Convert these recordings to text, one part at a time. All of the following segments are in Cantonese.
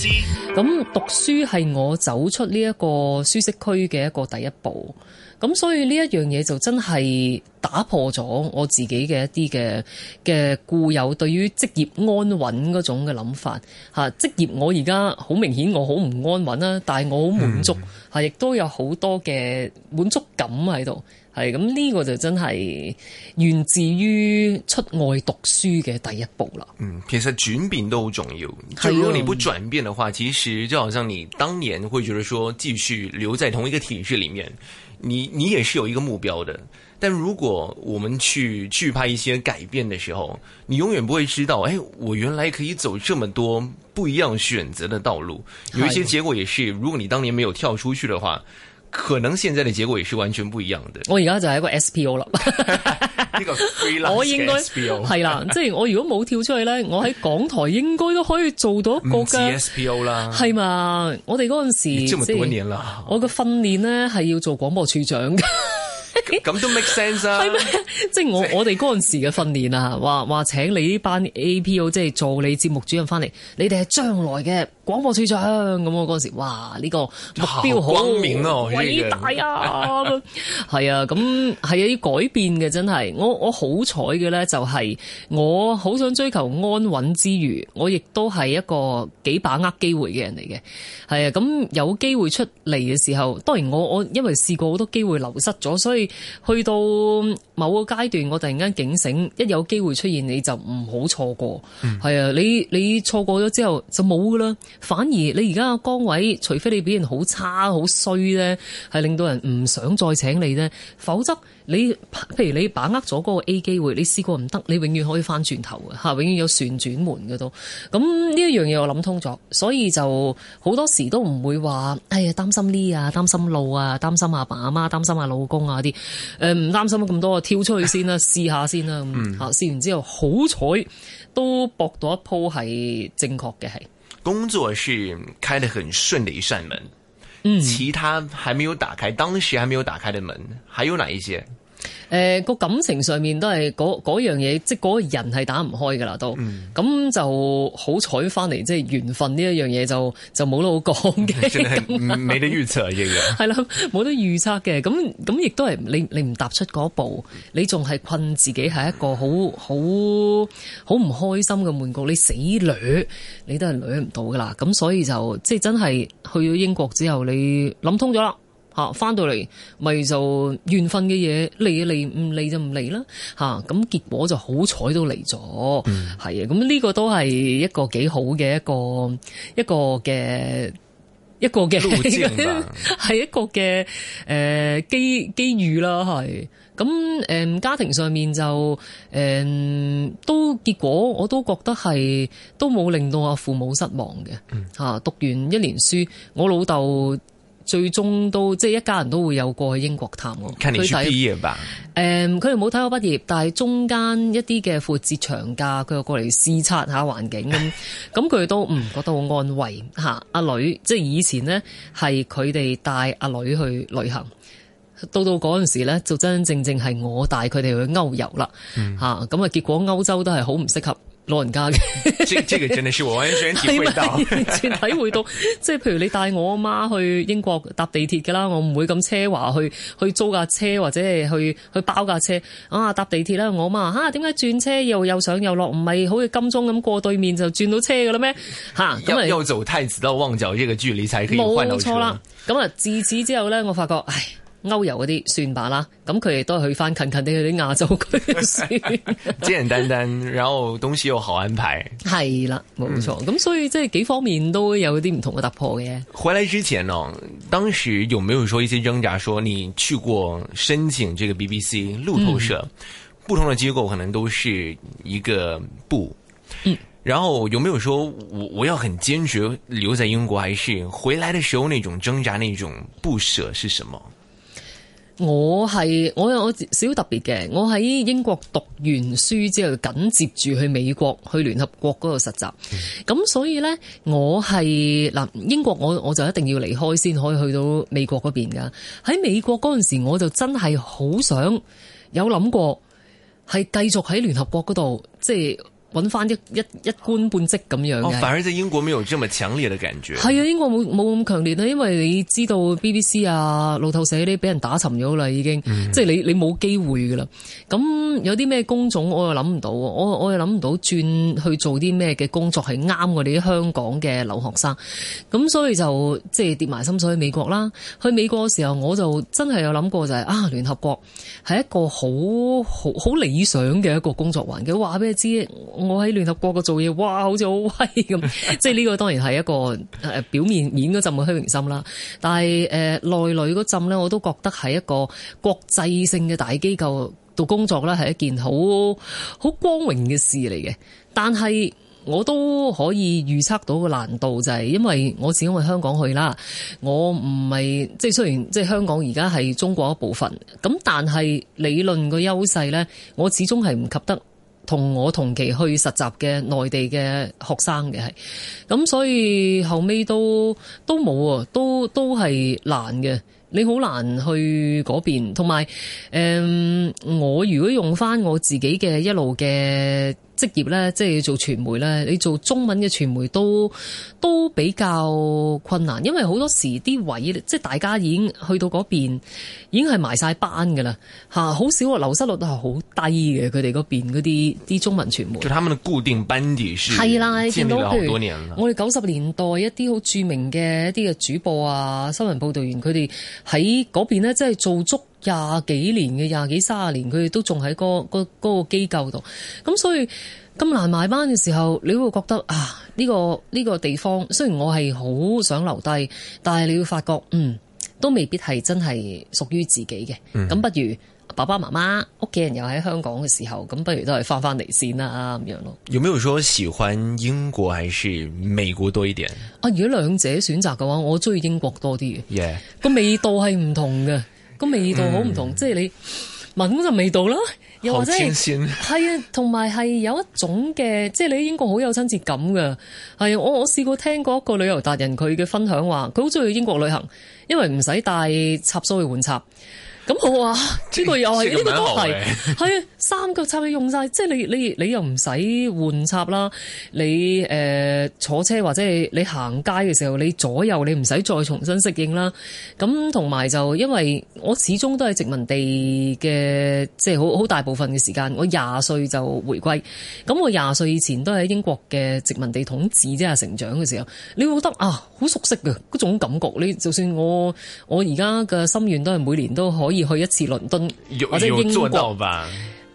咁讀書係我走出呢一個舒適區嘅一個第一步，咁所以呢一樣嘢就真係打破咗我自己嘅一啲嘅嘅固有對於職業安穩嗰種嘅諗法吓，職業我而家好明顯我好唔安穩啦，但係我好滿足吓，亦都有好多嘅滿足感喺度。係咁呢個就真係源自於出外讀書嘅第一步啦。嗯，其實轉變都好重要。就如果你不轉變嘅話，其實就好像你當年會覺得說繼續留在同一個體制裏面，你你也是有一個目標的。但如果我們去懼怕一些改變嘅時候，你永遠不會知道，哎，我原來可以走這麼多不一樣選擇的道路。有一些結果也是，如果你當年沒有跳出去嘅話。可能現在的結果也是完全不一樣的。我而家就係一個 SPO 啦，呢個我應該 SPO 係啦，即係我如果冇跳出去咧， 我喺港台應該都可以做到一個 SPO 啦。係嘛，我哋嗰陣時咁多年啦，我嘅訓練咧係要做廣播處長嘅。 咁都 make sense 啊！係咩？即係我我哋嗰陣時嘅訓練啊，話話 請你呢班 A P O 即係助理節目主任翻嚟，你哋係將來嘅廣播處長咁。嗰陣時哇，呢、呢個目標好偉大啊！係 啊，咁係有啲改變嘅真係。我我好彩嘅咧，就係我好想追求安穩之餘，我亦都係一個幾把握機會嘅人嚟嘅。係啊，咁有機會出嚟嘅時候，當然我我因為試過好多機會流失咗，所以。去到。某個階段，我突然間警醒，一有機會出現你就唔好錯過，係、嗯、啊！你你錯過咗之後就冇噶啦，反而你而家個崗位，除非你表現人好差好衰呢，係令到人唔想再請你呢。否則你譬如你把握咗嗰個 A 機會，你試過唔得，你永遠可以翻轉頭嘅，永遠有旋轉門嘅都。咁呢一樣嘢我諗通咗，所以就好多時都唔會話，哎呀擔心呢啊，擔心路啊，擔心阿爸阿媽，媽，擔心阿老公啊啲，誒唔擔心咁多。跳出去先啦、啊，試 下先啦、啊。嗯，吓試完之後好彩都博到一鋪係正確嘅係。工作是開得很順的一扇門，嗯、其他還沒有打開，當時還沒有打開的門，還有哪一些？誒，個、呃、感情上面都係嗰嗰樣嘢，即係嗰個人係打唔開噶啦，都咁、嗯、就好彩翻嚟，即係緣分呢一樣嘢就就冇得好講嘅，未得預測嘅係啦，冇樣 得預測嘅，咁咁 亦都係你你唔踏出嗰步，你仲係困自己係一個好好好唔開心嘅悶局，你死女你都係女唔到噶啦，咁所以就即係真係去咗英國之後，你諗通咗啦。嚇翻到嚟，咪就緣分嘅嘢嚟嚟，唔嚟就唔嚟啦。咁結果就好彩都嚟咗，係啊、嗯！咁呢個都係一個幾好嘅一個一個嘅一個嘅，係 一個嘅誒、呃、機機遇啦。係咁、呃、家庭上面就誒、呃、都結果我都覺得係都冇令到我父母失望嘅。嚇、嗯、讀完一年書，我老豆。最終都即係一家人都會有過去英國探㗎。佢哋畢業吧？誒，佢哋冇睇我畢業，但係中間一啲嘅復節長假，佢又過嚟視察下環境咁。咁佢哋 都唔覺得好安慰吓、啊、女即係以前呢，係佢哋帶阿女去旅行，到到嗰陣時呢，就真真正正係我帶佢哋去歐遊啦嚇。咁、嗯、啊，結果歐洲都係好唔適合。老人家嘅，即係，即係，真係完全體會到，完全體會到，即係，譬如你帶我阿媽去英國搭地鐵㗎啦，我唔會咁奢華去去租架車或者係去去包架車啊，搭地鐵啦，我阿媽啊，點解轉車又又上又落，唔係好似金鐘咁過對面就轉到車㗎啦咩？吓、啊，咁啊要，那要走太子到望角呢個距離才可以換到車，冇錯啦。咁啊，自此之後咧，我發覺，唉。歐遊嗰啲算吧啦，咁佢哋都去翻近近啲去啲亞洲區算簡 簡單單，然後東西又好安排，係啦，冇錯。咁、嗯、所以即係幾方面都有啲唔同嘅突破嘅。回來之前呢，當時有沒有說一些掙扎？說你去過申請這個 BBC 路透社，嗯、不同的機構可能都是一個不嗯，然後有沒有說我我要很堅決留在英國，還是回來嘅時候那種掙扎，那種不捨是什麼？我係我有我少特別嘅，我喺英國讀完書之後，緊接住去美國去聯合國嗰度實習。咁、嗯、所以呢，我係嗱英國，我我就一定要離開先可以去到美國嗰邊㗎。喺美國嗰陣時，我就真係好想有諗過，係繼續喺聯合國嗰度，即係。揾翻一一一官半職咁樣、哦，反而喺英國未有咁強烈嘅感覺。係啊，英國冇冇咁強烈啦，因為你知道 BBC 啊、路透社啲俾人打沉咗啦，已經，嗯、即係你你冇機會噶啦。咁有啲咩工種我又諗唔到，我我又諗唔到轉去做啲咩嘅工作係啱我哋啲香港嘅留學生。咁所以就即係跌埋心水去美國啦。去美國嘅時候，我就真係有諗過就係、是、啊，聯合國係一個好好好理想嘅一個工作環境。話俾你知。我喺聯合國個做嘢，哇，好似好威咁！ 即係呢個當然係一個表面演嗰陣嘅虛榮心啦。但係、呃、內裏嗰陣咧，我都覺得係一個國際性嘅大機構度工作呢，係一件好好光榮嘅事嚟嘅。但係我都可以預測到個難度，就係，就係因為我始終去香港去啦，我唔係即係雖然即香港而家係中國一部分，咁但係理論個優勢呢，我始終係唔及得，同我同期去實習嘅內地嘅學生嘅係，咁所以後尾都都冇喎，都都係難嘅，你好難去嗰邊，同埋誒我如果用返我自己嘅一路嘅，職業咧，即係做傳媒咧，你做中文嘅傳媒都都比較困難，因為好多時啲位即係大家已經去到嗰邊，已經係埋晒班㗎啦，嚇，好少流失率都係好低嘅。佢哋嗰邊嗰啲啲中文傳媒，就係佢哋嘅固定班底係啦，見到譬如我哋九十年代一啲好著名嘅一啲嘅主播啊、新聞報道員，佢哋喺嗰邊咧，即係做足。廿幾年嘅，廿幾三十年，佢哋都仲喺嗰嗰嗰個機、那個、構度，咁所以咁難買翻嘅時候，你會覺得啊呢、這個呢、這個地方雖然我係好想留低，但係你會發覺嗯都未必係真係屬於自己嘅，咁、嗯、不如爸爸媽媽屋企人又喺香港嘅時候，咁不如都係翻翻嚟先啦咁樣咯。有冇有說喜歡英國還是美國多一點？啊，如果兩者選擇嘅話，我中意英國多啲嘅，個 Yeah. 味道係唔同嘅。個味道好唔同，嗯、即係你聞就味道啦，又或者係啊，同埋係有一種嘅，即係你喺英國好有親切感嘅。係我我試過聽過一個旅遊達人佢嘅分享話，佢好中意英國旅行，因為唔使帶插蘇去換插。咁我話呢個又係呢個都係。三腳插去用晒，即係你你你又唔使換插啦。你誒、呃、坐車或者你行街嘅時候，你左右你唔使再重新適應啦。咁同埋就因為我始終都係殖民地嘅，即係好好大部分嘅時間，我廿歲就回歸。咁我廿歲以前都喺英國嘅殖民地統治，即係成長嘅時候，你會覺得啊，好熟悉嘅嗰種感覺。你就算我我而家嘅心願都係每年都可以去一次倫敦，有有做到或者英國吧。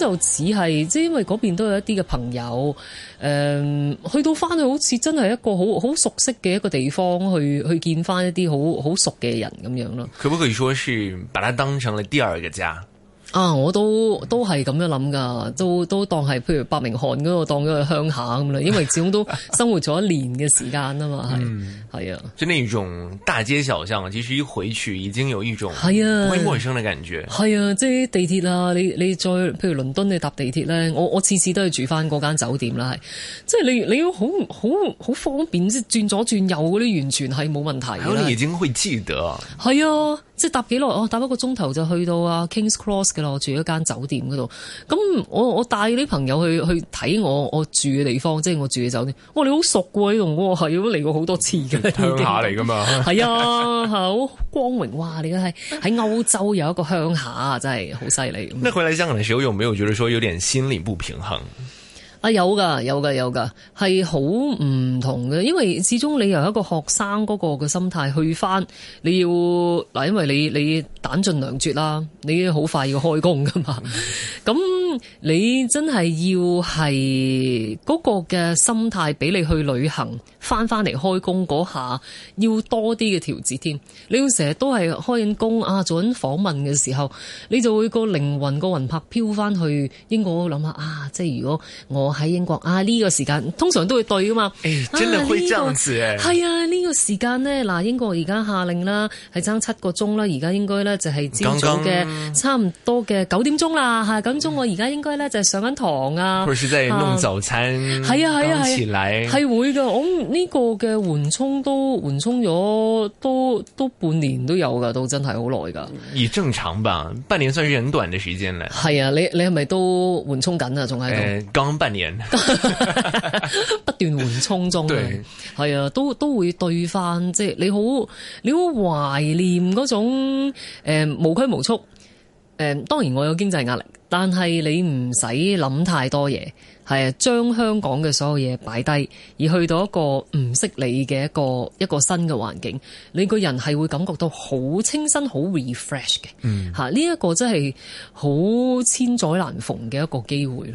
就只係即係因為邊都有一啲嘅朋友，誒、嗯，去到翻去好似真係一個好好熟悉嘅一個地方去，去去見翻一啲好好熟嘅人咁樣咯。可不可以說是把它當成了第二個家？啊！我都都係咁樣諗噶，都都，都當係譬如伯明翰嗰個當咗去鄉下咁啦，因爲始終都生活咗一年嘅時間啊嘛，係係、 嗯、啊，即係呢種大街小巷，其實一回去已經有一種係啊，不會陌生嘅感覺。係啊，即係、啊就是、地鐵啊，你你再譬如倫敦你搭地鐵咧，我我次次都係住翻嗰間酒店啦，係即係你你要好好好方便即係轉左轉右嗰啲完全係冇問題，如果你已經會記得係啊，即、就、係、是、搭幾耐哦？搭一個鐘頭就去到啊 King's Cross。我住一間酒店嗰度，咁我我帶啲朋友去去睇我我住嘅地方，即係我住嘅酒店。哇，你好熟同、啊、喎，係嚟過好多次嘅鄉下嚟噶嘛？係啊，好 光榮哇！你而家喺喺歐洲有一個鄉下啊，真係好犀利。 那佢嚟香港嘅時候，有沒有覺得說有點心理不平衡？啊有噶有噶有噶，係好唔同嘅，因為始終你由一個學生嗰個嘅心態去翻，你要嗱，因為你你彈盡糧絕啦，你好快要開工噶嘛，咁 你真係要係嗰個嘅心態俾你去旅行，翻翻嚟開工嗰下，要多啲嘅調節添。你要成日都係開緊工啊，做緊訪問嘅時候，你就會個靈魂、個魂魄飄翻去英國諗下啊，即係如果我。喺英國啊呢、這個時間通常都會對噶嘛，欸、真係會這樣子、欸？係啊，呢、這個啊這個時間呢，嗱、啊，英國而家下令啦，係爭七個鐘啦，而家應該呢，就係朝早嘅差唔多嘅九點鐘啦，嚇咁鐘我而家應該呢，就係上緊堂啊，或者係弄早餐，係啊係啊係，係、啊啊、會㗎，我呢個嘅緩衝都緩衝咗都都半年都有㗎，都真係好耐㗎。已正常吧，半年算是很短嘅時間咧。係啊，你你係咪都緩衝緊啊？仲喺度？剛半年。 不斷緩衝中，係對啊，都都會對翻，即係你好，你好懷念嗰種誒無拘無束。誒，當然我有經濟壓力，但係你唔使諗太多嘢，係啊，將香港嘅所有嘢擺低，而去到一個唔識你嘅一個一個新嘅環境，你個人係會感覺到好清新、好 refresh 嘅。嗯，吓呢一個真係好千載難逢嘅一個機會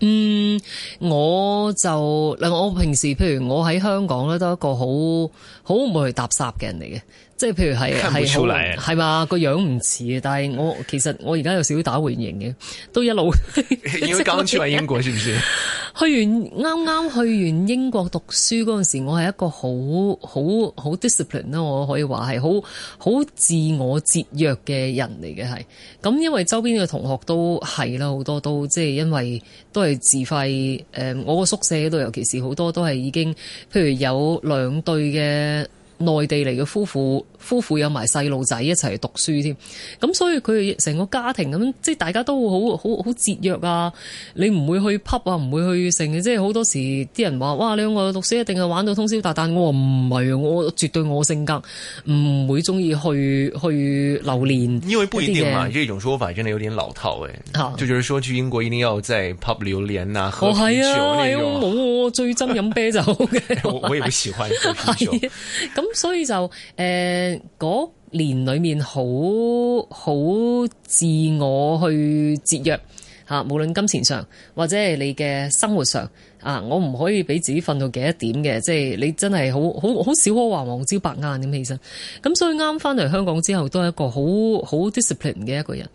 嗯，我就嗱，我平時譬如我喺香港咧，都係一個好好唔會去搭訕嘅人嚟嘅。即係譬如係係係嘛個樣唔似，但係我其實我而家有少少打回形嘅，都一路要搞出嚟英國算唔算？ 是是去完啱啱去完英國讀書嗰陣時，我係一個好好好 discipline 咯，dis ined，我可以話係好好自我節約嘅人嚟嘅係。咁因為周邊嘅同學都係啦，好多都即係因為都係自費。誒，我個宿舍度，尤其是好多都係已經，譬如有兩對嘅。內地嚟嘅夫婦。夫婦有埋細路仔一齊讀書添，咁所以佢哋成個家庭咁，即係大家都好好好節約啊！你唔會去 pub 啊，唔會去成即係好多時啲人話，哇！你我讀書一定係玩到通宵達旦。我話唔係，我絕對我性格唔會中意去去流連。因為不一定嘛，呢種說法真係有啲老套嘅，哦、就就係說去英國一定要在 pub 流連啦，哦係啊，係、哦、啊，冇種、啊、我最憎飲啤酒嘅。 我我亦不喜歡飲啤酒咁所以就誒。呃嗰年裏面好好自我去節約吓，無論金錢上或者係你嘅生活上啊，我唔可以俾自己瞓到幾多點嘅，即係你真係好好好少可話黃朝白晏咁起身。咁所以啱翻嚟香港之後，都係一個好好 discipline 嘅一個人。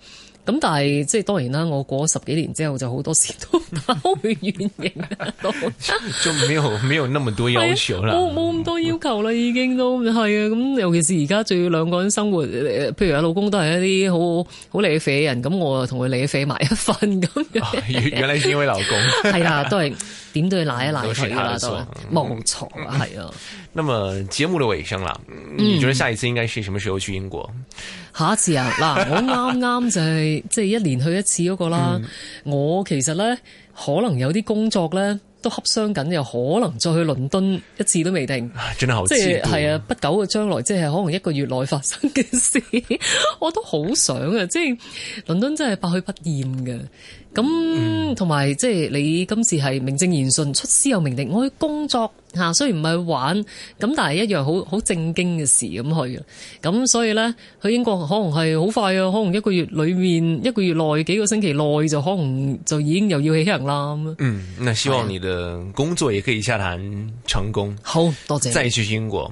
咁但係即係當然啦，我過咗十幾年之後，就好多時都打回原形啦，都 就沒有冇有那麼多要求啦，冇冇咁多要求啦，已經都係啊！咁尤其是而家仲要兩個人生活，譬如阿老公都係一啲好好理肥嘅人，咁我啊同佢理肥埋一份咁、哦。原來是因為老公係啦、 啊，都係點都要奶一奶佢啦，都冇錯係啊。那麼節目嘅尾聲啦，你覺得下一次應該是什麼時候去英國？嗯下一次啊，嗱，我啱啱就係即係一年去一次嗰個啦。嗯、我其實咧可能有啲工作咧都洽商緊，又可能再去倫敦一次都未定。真係好、就是，即係啊，嗯、不久嘅將來，即、就、係、是、可能一個月內發生嘅事，我都好想啊！即、就、係、是、倫敦真係百去不厭嘅。咁同埋即係你今次係名正言順出師有名的，我去工作吓，雖然唔係玩，咁但係一樣好好正經嘅事咁去。咁所以呢，去英國可能係好快啊，可能一個月裏面，一個月內幾個星期內就可能就已經又要起行啦。嗯,那希望你的工作也可以洽談成功。好多謝，謝，再去英國。